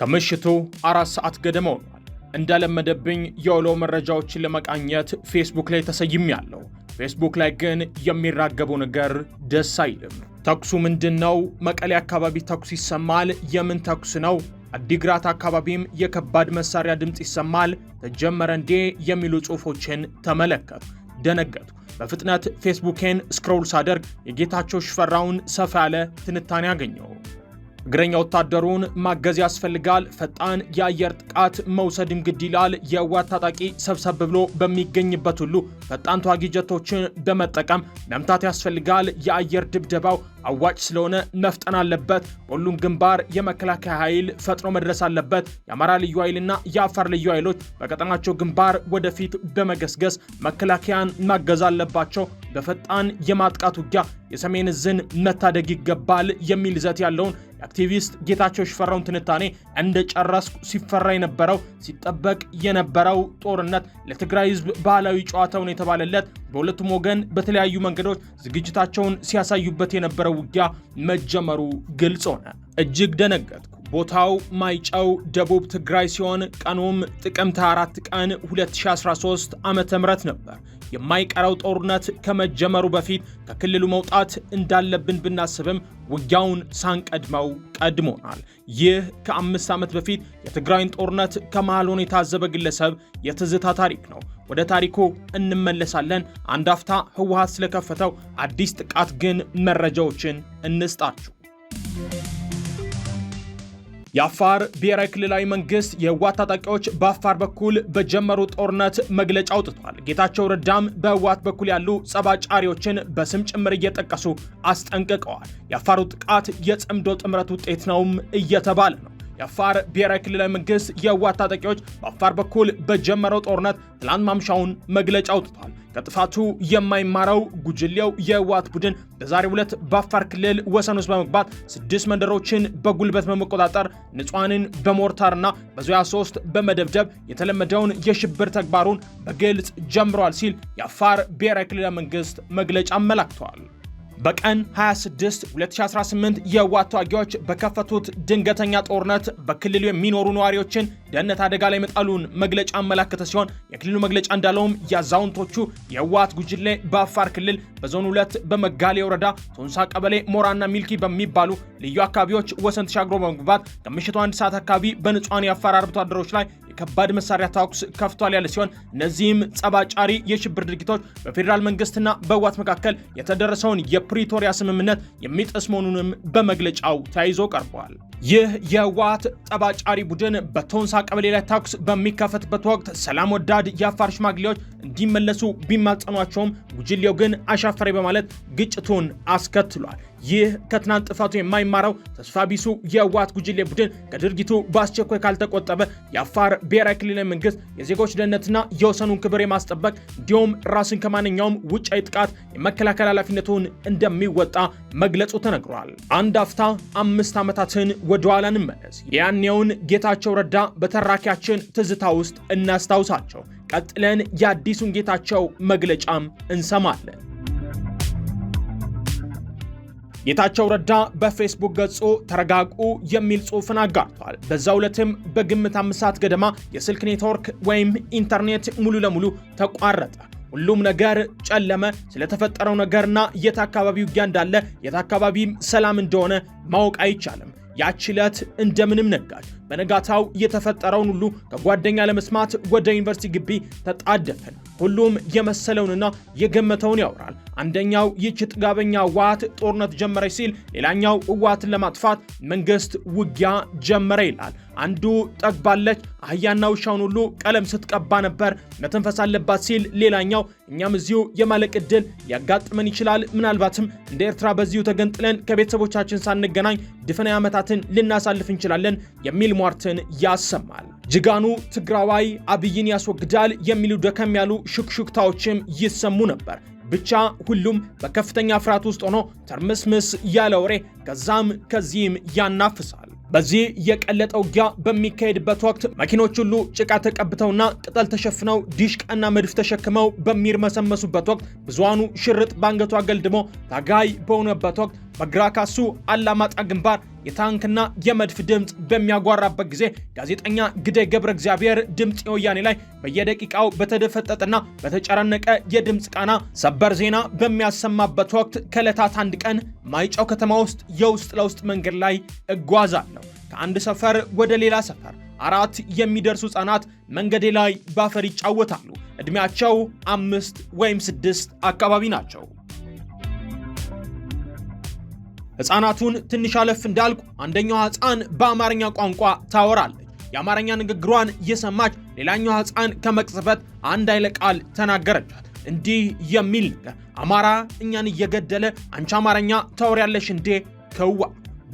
ከምሽቱ አራት ሰዓት ገደማ ሆኗል። እንደለመደብኝ የውሎ መረጃዎችን ለመቃኘት ፌስቡክ ላይ ያለው ፌስቡክ ላይ ግን የሚራገበው ነገር ደስ አይልም። ተኩሱ ምንድን ነው? መቀሌ አካባቢ ተኩስ ይሰማል። የምን ተኩስ ነው? አዲግራት አካባቢም የከባድ መሳሪያ ድምፅ ይሰማል። ተጀመረ እንዴ የሚሉ ጽሑፎችን ተመለከቱ። ደነገጡ። በፍጥነት ፌስቡኬን ስክሮል ሳደርግ የጌታቸው ሽፈራውን ሰፋ ያለ ትንታኔ አገኘው። እግረኛ ወታደሩን ማገዝ ያስፈልጋል። ፈጣን የአየር ጥቃት መውሰድም ግድ ይላል። የህወሓት ታጣቂ ሰብሰብ ብሎ በሚገኝበት ሁሉ ፈጣን ተዋጊ ጀቶችን በመጠቀም መምታት ያስፈልጋል። የአየር ድብደባው አዋጭ ስለሆነ መፍጠን አለበት። በሁሉም ግንባር የመከላከያ ኃይል ፈጥኖ መድረስ አለበት። የአማራ ልዩ ኃይልና የአፋር ልዩ ኃይሎች በቀጠናቸው ግንባር ወደፊት በመገስገስ መከላከያን ማገዝ አለባቸው። በፈጣን የማጥቃት ውጊያ የሰሜን ዕዝን መታደግ ይገባል የሚል ይዘት ያለውን የአክቲቪስት ጌታቸው ሽፈራውን ትንታኔ እንደ ጨረስኩ ሲፈራ የነበረው ሲጠበቅ የነበረው ጦርነት ለትግራይ ህዝብ ባህላዊ ጨዋታውን የተባለለት በሁለቱም ወገን በተለያዩ መንገዶች ዝግጅታቸውን ሲያሳዩበት የነበረው ውጊያ መጀመሩ ግልጽ ሆነ። እጅግ ደነገጥኩ። ቦታው ማይጨው ደቡብ ትግራይ ሲሆን ቀኑም ጥቅምት 4 ቀን 2013 ዓ.ም ነበር። የማይቀረው ጦርነት ከመጀመሩ በፊት ከክልሉ መውጣት እንዳለብን ብናስብም ውጊያውን ሳንቀድመው ቀድሞናል። ይህ ከአምስት ዓመት በፊት የትግራይን ጦርነት ከመሃል ሆኖ የታዘበ ግለሰብ የትዝታ ታሪክ ነው። ወደ ታሪኩ እንመለሳለን። አንድ አፍታ ህወሓት ስለከፈተው አዲስ ጥቃት ግን መረጃዎችን እንስጣችሁ። የአፋር ብሔራዊ ክልላዊ መንግስት የህወሓት ታጣቂዎች በአፋር በኩል በጀመሩ ጦርነት መግለጫ አውጥቷል። ጌታቸው ረዳም በህወሓት በኩል ያሉ ጸባጫሪዎችን በስም ጭምር እየጠቀሱ አስጠንቅቀዋል። የአፋሩ ጥቃት የጽምዶ ጥምረት ውጤት ነውም እየተባለ ነው። የአፋር ብሔራዊ ክልላዊ መንግስት የህወሓት ታጣቂዎች በአፋር በኩል በጀመረው ጦርነት ትላንት ማምሻውን መግለጫ አውጥቷል። ከጥፋቱ የማይማረው ጉጅሌው የህወሓት ቡድን በዛሬው ዕለት በአፋር ክልል ወሰን ውስጥ በመግባት ስድስት መንደሮችን በጉልበት በመቆጣጠር ንጹሐንን በሞርታርና በዙያ 23 በመደብደብ የተለመደውን የሽብር ተግባሩን በግልጽ ጀምረዋል ሲል የአፋር ብሔራዊ ክልላዊ መንግስት መግለጫ አመላክተዋል። በቀን 26 2018 የህወሓት ተዋጊዎች በከፈቱት ድንገተኛ ጦርነት በክልሉ የሚኖሩ ነዋሪዎችን ደህንነት አደጋ ላይ መጣሉን መግለጫ አመላከተ ሲሆን የክልሉ መግለጫ እንዳለውም የአዛውንቶቹ የህወሓት ጉጅሌ በአፋር ክልል በዞን 2 በመጋሌ ወረዳ ቶንሳ ቀበሌ፣ ሞራና ሚልኪ በሚባሉ ልዩ አካባቢዎች ወሰን ተሻግሮ በመግባት ከምሽቱ አንድ ሰዓት አካባቢ በንጹሐን የአፋር አርብቶ አደሮች ላይ ከባድ መሳሪያ ተኩስ ከፍቷል ያለ ሲሆን እነዚህም ጸባጫሪ የሽብር ድርጊቶች በፌዴራል መንግስትና በህወሓት መካከል የተደረሰውን የፕሪቶሪያ ስምምነት የሚጥስ መሆኑንም በመግለጫው ተያይዞ ቀርበዋል። ይህ የህወሓት ጸባጫሪ ቡድን በቶንሳ ቀበሌ ላይ ተኩስ በሚከፈትበት ወቅት ሰላም ወዳድ የአፋር ሽማግሌዎች እንዲመለሱ ቢማጸኗቸውም ጉጅሌው ግን አሻፈሬ በማለት ግጭቱን አስከትሏል። ይህ ከትናንት ጥፋቱ የማይማረው ተስፋ ቢሱ የህወሓት ጉጅሌ ቡድን ከድርጊቱ በአስቸኳይ ካልተቆጠበ የአፋር ብሔራዊ ክልላዊ መንግስት የዜጎች ደህንነትና የወሰኑን ክብር የማስጠበቅ እንዲሁም ራስን ከማንኛውም ውጫዊ ጥቃት የመከላከል ኃላፊነቱን እንደሚወጣ መግለጹ ተነግሯል። አንድ አፍታ አምስት ዓመታትን ወደኋላ እንመለስ። የያኔውን ጌታቸው ረዳ በተራኪያችን ትዝታ ውስጥ እናስታውሳቸው። ቀጥለን የአዲሱን ጌታቸው መግለጫም እንሰማለን። ጌታቸው ረዳ በፌስቡክ ገጹ ተረጋጉ የሚል ጽሑፍን አጋርቷል። በዛው ዕለትም በግምት አምስት ሰዓት ገደማ የስልክ ኔትወርክ ወይም ኢንተርኔት ሙሉ ለሙሉ ተቋረጠ። ሁሉም ነገር ጨለመ። ስለተፈጠረው ነገርና የት አካባቢ ውጊያ እንዳለ የት አካባቢም ሰላም እንደሆነ ማወቅ አይቻልም። ያች ዕለት እንደምንም ነጋች። በነጋታው የተፈጠረውን ሁሉ ከጓደኛ ለመስማት ወደ ዩኒቨርሲቲ ግቢ ተጣደፍን። ሁሉም የመሰለውንና የገመተውን ያወራል። አንደኛው ይህች ጥጋበኛ ህወሓት ጦርነት ጀመረች ሲል፣ ሌላኛው ህወሓትን ለማጥፋት መንግስት ውጊያ ጀመረ ይላል። አንዱ ጠግባለች፣ አህያና ውሻውን ሁሉ ቀለም ስትቀባ ነበር፣ መተንፈስ አለባት ሲል ሌላኛው እኛም እዚሁ የማለቅ ዕድል ሊያጋጥመን ይችላል። ምናልባትም እንደ ኤርትራ በዚሁ ተገንጥለን ከቤተሰቦቻችን ሳንገናኝ ድፍነ ዓመታትን ልናሳልፍ እንችላለን የሚል ሟርትን ያሰማል። ጅጋኑ ትግራዋይ አብይን ያስወግዳል የሚሉ ደከም ያሉ ሹክሹክታዎችም ይሰሙ ነበር። ብቻ ሁሉም በከፍተኛ ፍርሃት ውስጥ ሆኖ ተርምስምስ ያለ ወሬ ከዛም ከዚህም ያናፍሳል። በዚህ የቀለጠ ውጊያ በሚካሄድበት ወቅት መኪኖች ሁሉ ጭቃ ተቀብተውና ቅጠል ተሸፍነው ዲሽቃና መድፍ ተሸክመው በሚርመሰመሱበት ወቅት ብዙሃኑ ሽርጥ በአንገቱ አገልድሞ ታጋይ በሆነበት ወቅት በግራካሱ አላማጣ ግንባር የታንክና የመድፍ ድምፅ በሚያጓራበት ጊዜ ጋዜጠኛ ግደይ ገብረ እግዚአብሔር ድምፅ የወያኔ ላይ በየደቂቃው በተደፈጠጠና በተጨረነቀ የድምፅ ቃና ሰበር ዜና በሚያሰማበት ወቅት ከዕለታት አንድ ቀን ማይጨው ከተማ ውስጥ የውስጥ ለውስጥ መንገድ ላይ እጓዛለሁ። ከአንድ ሰፈር ወደ ሌላ ሰፈር አራት የሚደርሱ ህጻናት መንገዴ ላይ ባፈር ይጫወታሉ። ዕድሜያቸው አምስት ወይም ስድስት አካባቢ ናቸው። ሕፃናቱን ትንሽ አለፍ እንዳልኩ አንደኛዋ ሕፃን በአማርኛ ቋንቋ ታወራለች። የአማርኛ ንግግሯን እየሰማች ሌላኛዋ ሕፃን ከመቅጽበት አንድ አይለ ቃል ተናገረቻት። እንዲህ የሚል ነገር አማራ እኛን እየገደለ አንቺ አማርኛ ታወሪያለሽ እንዴ? ከዋ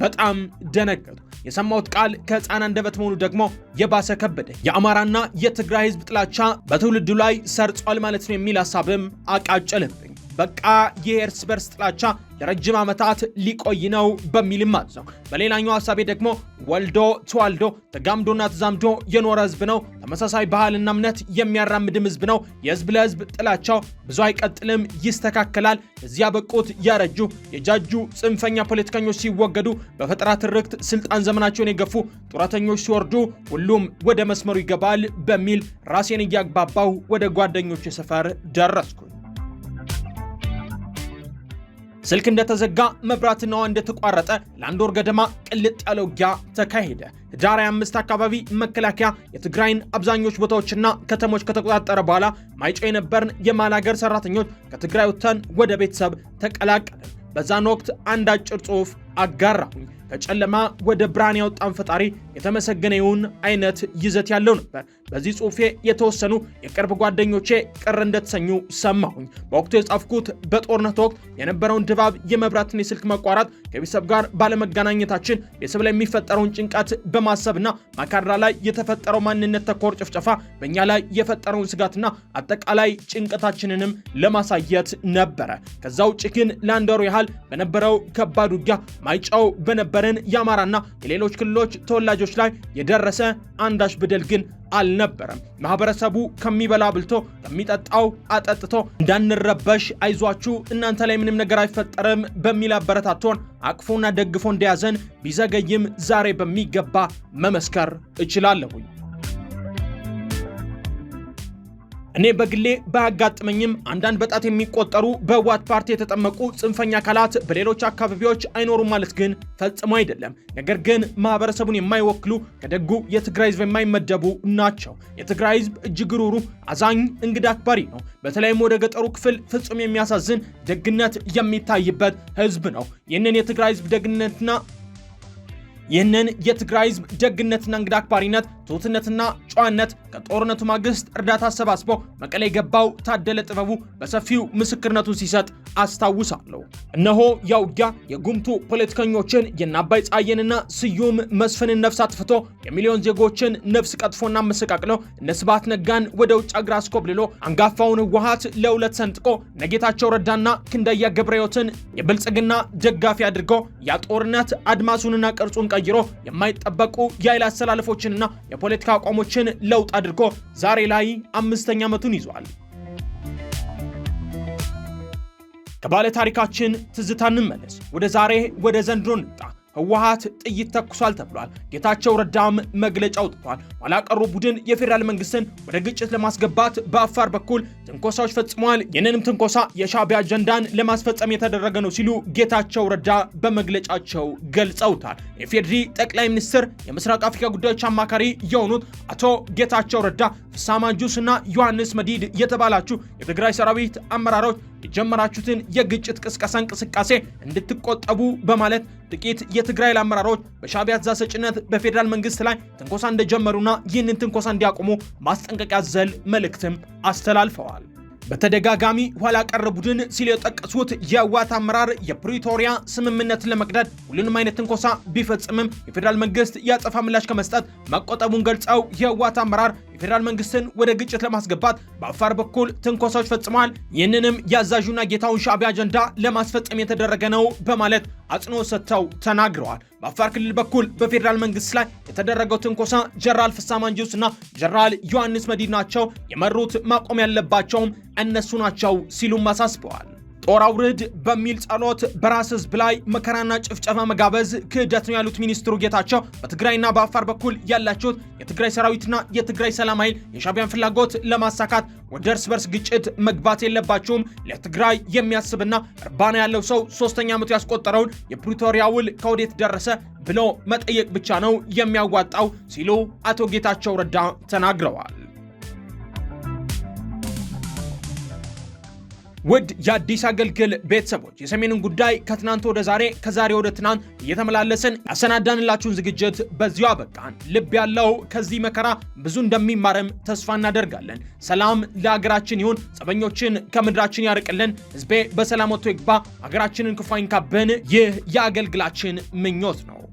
በጣም ደነገጡ። የሰማሁት ቃል ከሕፃን አንደበት መሆኑ ደግሞ የባሰ ከበደ። የአማራና የትግራይ ህዝብ ጥላቻ በትውልዱ ላይ ሰርጿል ማለት ነው የሚል ሀሳብም አቃጨልብኝ። በቃ የእርስ በርስ ጥላቻ ለረጅም ዓመታት ሊቆይ ነው በሚልም ነው። በሌላኛው ሀሳቤ ደግሞ ወልዶ ተዋልዶ ተጋምዶና ተዛምዶ የኖረ ህዝብ ነው። ተመሳሳይ ባህልና እምነት የሚያራምድም ህዝብ ነው። የህዝብ ለህዝብ ጥላቻው ብዙ አይቀጥልም፣ ይስተካከላል። እዚያ በቁት ያረጁ የጃጁ ጽንፈኛ ፖለቲከኞች ሲወገዱ፣ በፈጠራ ትርክት ስልጣን ዘመናቸውን የገፉ ጡረተኞች ሲወርዱ፣ ሁሉም ወደ መስመሩ ይገባል በሚል ራሴን እያግባባው ወደ ጓደኞች ሰፈር ደረስኩ። ስልክ እንደተዘጋ መብራትና ውሃ እንደተቋረጠ ለአንድ ወር ገደማ ቅልጥ ያለ ውጊያ ተካሄደ። ህዳር 25 አካባቢ መከላከያ የትግራይን አብዛኞች ቦታዎችና ከተሞች ከተቆጣጠረ በኋላ ማይጮ የነበርን የማላገር ሰራተኞች ከትግራይ ወጥተን ወደ ቤተሰብ ተቀላቀልን። በዛን ወቅት አንድ አጭር ጽሑፍ አጋራሁኝ። ከጨለማ ወደ ብርሃን ያወጣን ፈጣሪ የተመሰገነ ይሁን አይነት ይዘት ያለው ነበር። በዚህ ጽሁፌ የተወሰኑ የቅርብ ጓደኞቼ ቅር እንደተሰኙ ሰማሁኝ። በወቅቱ የጻፍኩት በጦርነት ወቅት የነበረውን ድባብ፣ የመብራትን፣ የስልክ መቋረጥ፣ ከቤተሰብ ጋር ባለመገናኘታችን ቤተሰብ ላይ የሚፈጠረውን ጭንቀት በማሰብና ማካድራ ላይ የተፈጠረው ማንነት ተኮር ጭፍጨፋ በእኛ ላይ የፈጠረውን ስጋትና አጠቃላይ ጭንቀታችንንም ለማሳየት ነበረ። ከዛ ውጭ ግን ለአንድ ወር ያህል በነበረው ከባድ ውጊያ ማይጨው በነበረን የአማራና የሌሎች ክልሎች ተወላጆች ላይ የደረሰ አንዳች በደል ግን አልነበረም። ማህበረሰቡ ከሚበላ ብልቶ ከሚጠጣው አጠጥቶ እንዳንረበሽ አይዟችሁ እናንተ ላይ ምንም ነገር አይፈጠርም በሚል አበረታቶን አቅፎና ደግፎ እንደያዘን ቢዘገይም ዛሬ በሚገባ መመስከር እችላለሁኝ። እኔ በግሌ ባያጋጥመኝም አንዳንድ በጣት የሚቆጠሩ በህወሓት ፓርቲ የተጠመቁ ጽንፈኛ አካላት በሌሎች አካባቢዎች አይኖሩም ማለት ግን ፈጽሞ አይደለም። ነገር ግን ማህበረሰቡን የማይወክሉ ከደጉ የትግራይ ህዝብ የማይመደቡ ናቸው። የትግራይ ህዝብ እጅግ ሩሩ፣ አዛኝ፣ እንግዳ አክባሪ ነው። በተለይም ወደ ገጠሩ ክፍል ፍጹም የሚያሳዝን ደግነት የሚታይበት ህዝብ ነው። ይህንን የትግራይ ህዝብ ደግነትና ይህንን የትግራይ ህዝብ ደግነትና እንግዳ አክባሪነት፣ ትሁትነትና ጨዋነት ከጦርነቱ ማግስት እርዳታ አሰባስቦ መቀሌ የገባው ታደለ ጥበቡ በሰፊው ምስክርነቱን ሲሰጥ አስታውሳለሁ። እነሆ ያውጊያ የጉምቱ ፖለቲከኞችን የናባይ ፀሐዬንና ስዩም መስፍንን ነፍስ አጥፍቶ የሚሊዮን ዜጎችን ነፍስ ቀጥፎና መሰቃቅሎ እነ ነጋን ወደ ውጭ አገር አስኮብልሎ አንጋፋውን ህወሓት ለሁለት ሰንጥቆ ነጌታቸው ረዳና ክንደያ ገብረዮትን የብልጽግና ደጋፊ አድርጎ የጦርነት አድማሱንና ቅርጹን ቀይሮ የማይጠበቁ የኃይል አሰላለፎችንና የፖለቲካ አቋሞችን ለውጥ አድርጎ ዛሬ ላይ አምስተኛ ዓመቱን ይዟል። ከባለ ታሪካችን ትዝታ እንመለስ። ወደ ዛሬ ወደ ዘንድሮ እንጣ። ህወሓት ጥይት ተኩሷል ተብሏል። ጌታቸው ረዳም መግለጫ አውጥቷል። ኋላቀሩ ቡድን የፌዴራል መንግስትን ወደ ግጭት ለማስገባት በአፋር በኩል ትንኮሳዎች ፈጽመዋል፣ ይህንንም ትንኮሳ የሻቢያ አጀንዳን ለማስፈጸም የተደረገ ነው ሲሉ ጌታቸው ረዳ በመግለጫቸው ገልጸውታል። የፌድሪ ጠቅላይ ሚኒስትር የምስራቅ አፍሪካ ጉዳዮች አማካሪ የሆኑት አቶ ጌታቸው ረዳ ፍሳማንጁስ እና ዮሐንስ መዲድ የተባላችሁ የትግራይ ሰራዊት አመራሮች የጀመራችሁትን የግጭት ቅስቀሳ እንቅስቃሴ እንድትቆጠቡ በማለት ጥቂት የትግራይ አመራሮች በሻዕቢያ ትዕዛዝ ሰጭነት በፌዴራል መንግስት ላይ ትንኮሳ እንደጀመሩና ይህንን ትንኮሳ እንዲያቆሙ ማስጠንቀቂያ ዘል መልእክትም አስተላልፈዋል። በተደጋጋሚ ኋላ ቀር ቡድን ሲል የጠቀሱት የህወሓት አመራር የፕሪቶሪያ ስምምነትን ለመቅደድ ሁሉንም አይነት ትንኮሳ ቢፈጽምም የፌዴራል መንግስት የአጸፋ ምላሽ ከመስጠት መቆጠቡን ገልጸው የህወሓት አመራር የፌዴራል መንግስትን ወደ ግጭት ለማስገባት በአፋር በኩል ትንኮሳዎች ፈጽመዋል። ይህንንም የአዛዡና ጌታውን ሻዕቢያ አጀንዳ ለማስፈጸም የተደረገ ነው በማለት አጽንኦት ሰጥተው ተናግረዋል። በአፋር ክልል በኩል በፌዴራል መንግስት ላይ የተደረገው ትንኮሳ ጀነራል ፍሳ ማንጁስ እና ጀነራል ዮሐንስ መዲድ ናቸው የመሩት፣ ማቆም ያለባቸውም እነሱ ናቸው ሲሉም አሳስበዋል። ጦር አውርድ በሚል ጸሎት በራስ ህዝብ ላይ መከራና ጭፍጨፋ መጋበዝ ክህደት ነው ያሉት ሚኒስትሩ ጌታቸው በትግራይና በአፋር በኩል ያላችሁት የትግራይ ሰራዊትና የትግራይ ሰላም ኃይል የሻቢያን ፍላጎት ለማሳካት ወደ እርስ በርስ ግጭት መግባት የለባችሁም። ለትግራይ የሚያስብና እርባና ያለው ሰው ሶስተኛ ዓመቱ ያስቆጠረውን የፕሪቶሪያ ውል ከወዴት ደረሰ ብሎ መጠየቅ ብቻ ነው የሚያዋጣው ሲሉ አቶ ጌታቸው ረዳ ተናግረዋል። ውድ የአዲስ አገልግል ቤተሰቦች የሰሜንን ጉዳይ ከትናንት ወደ ዛሬ ከዛሬ ወደ ትናንት እየተመላለስን ያሰናዳንላችሁን ዝግጅት በዚሁ አበቃን። ልብ ያለው ከዚህ መከራ ብዙ እንደሚማርም ተስፋ እናደርጋለን። ሰላም ለሀገራችን ይሁን፣ ጸበኞችን ከምድራችን ያርቅልን፣ ህዝቤ በሰላም ወጥቶ ይግባ፣ ሀገራችንን ክፉ አይንካብን። ይህ የአገልግላችን ምኞት ነው።